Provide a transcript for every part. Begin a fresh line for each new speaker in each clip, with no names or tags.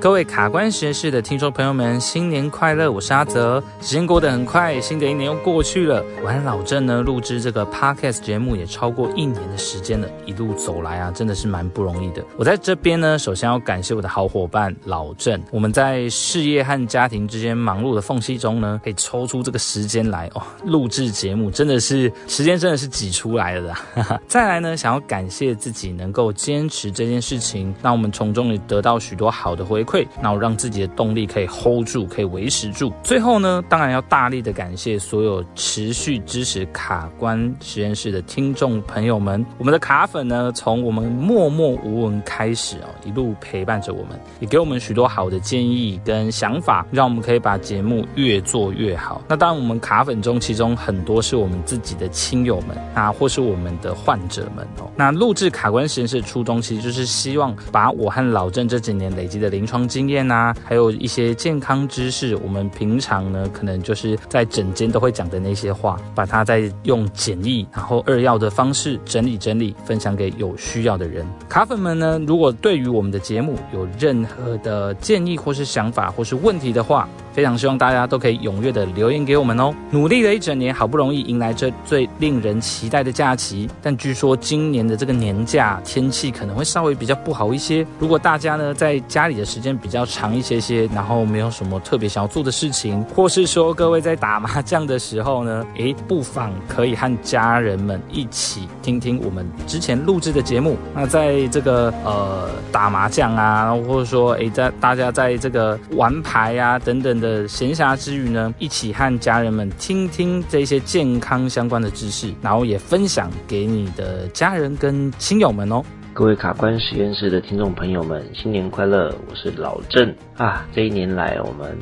各位卡關實驗室的聽眾朋友們，新年快樂！我是阿澤。時間過得很快，新的一年又過去了。我和老鄭呢，錄制這個 podcast 節目也超過一年的時間了。一路走來啊，真的是蠻不容易的。我在這邊呢，首先要感謝我的好夥伴老鄭，我們在事業和家庭之間忙碌的縫隙中呢，可以抽出這個時間來哦，錄制節目，真的是時間真的是擠出來了的。 再來呢，想要感謝自己能夠堅持這件事情，讓我們從中也得到許多好的回。然後讓自己的動力可以 hold 住，可以維持住。最後呢，當然要大力的感謝所有持續支持卡關實驗室的聽眾朋友們。我們的卡粉呢，從我們默默無聞開始哦，一路陪伴着我們，也給我們許多好的建議跟想法，讓我們可以把節目越做越好。那當然，我們卡粉中，其中很多是我們自己的親友們，啊，或是我們的患者們哦。那錄制卡關實驗室的初衷，其實就是希望把我和老鄭這幾年累積的臨床經驗啊，還有一些健康知識，我們平常呢，可能就是在診間都會講的那些話，把它再用簡易然後二要的方式整理整理，分享給有需要的人。卡粉們呢，如果對於我們的節目有任何的建議或是想法或是問題的話，非常希望大家都可以踴躍的留言給我們哦！努力了一整年，好不容易迎來這最令人期待的假期，但據說今年的這個年假天氣可能會稍微比較不好一些。如果大家呢在家裡的時間比較長一些些，然後沒有什麼特別想要做的事情，或是說各位在打麻將的時候呢，哎，不妨可以和家人們一起聽聽我們之前錄制的節目。那在這個呃打麻將啊，或者說哎在大家在這個玩牌啊等等的。閒暇之餘呢，一起和家人們聽聽這些健康相關的知識，然後也分享給你的家人跟親友們哦。
各位卡關實驗室的聽眾朋友們，新年快樂！我是老鄭啊。這一年來，我們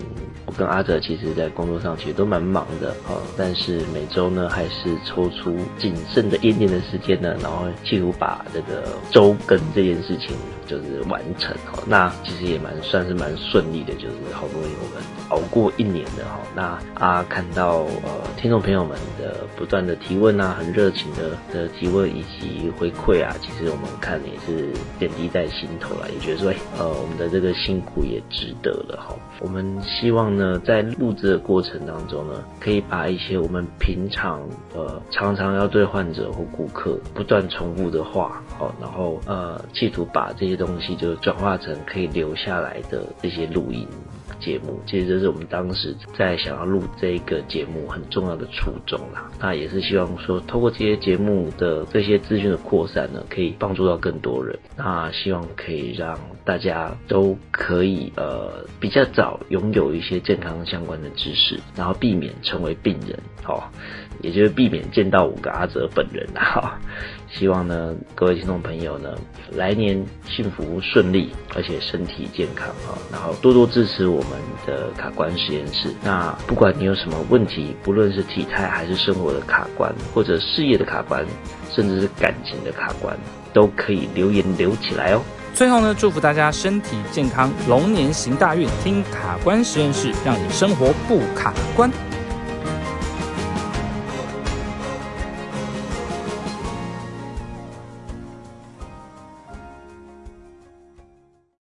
我跟阿澤其實在工作上其實都蠻忙的，哦，但是每周呢，還是抽出僅剩的一點的時間呢，然後企圖把這個周更這件事情。嗯就是完成哈，那其實也蠻算是蠻順利的，就是好不容易我們熬過一年的哈，那啊看到呃聽眾朋友們的不斷的提問啊，很熱情的的提問以及回饋啊，其實我們看也是點滴在心頭啦、啊，也覺得說，哎呃我們的這個辛苦也值得了哈。我們希望呢，在錄製的過程當中呢，可以把一些我們平常呃常常要對患者或顧客不斷重複的話，好，然後呃企圖把這些。東西就轉化成可以留下來的這些錄音節目，其實這是我們當時在想要錄這個節目很重要的初衷啦。那也是希望說，透過這些節目的這些資訊的擴散呢，可以幫助到更多人。那希望可以讓大家都可以呃比較早擁有一些健康相關的知識，然後避免成為病人。好、哦。也就是避免見到五個阿澤本人啊，希望呢各位聽眾朋友呢來年幸福順利，而且身體健康啊，然後多多支持我們的卡關實驗室。那不管你有什麼問題，不論是體態還是生活的卡關，或者事業的卡關，甚至是感情的卡關，都可以留言留起來哦。
最後呢，祝福大家身體健康，龍年行大運，聽卡關實驗室，讓你生活不卡關。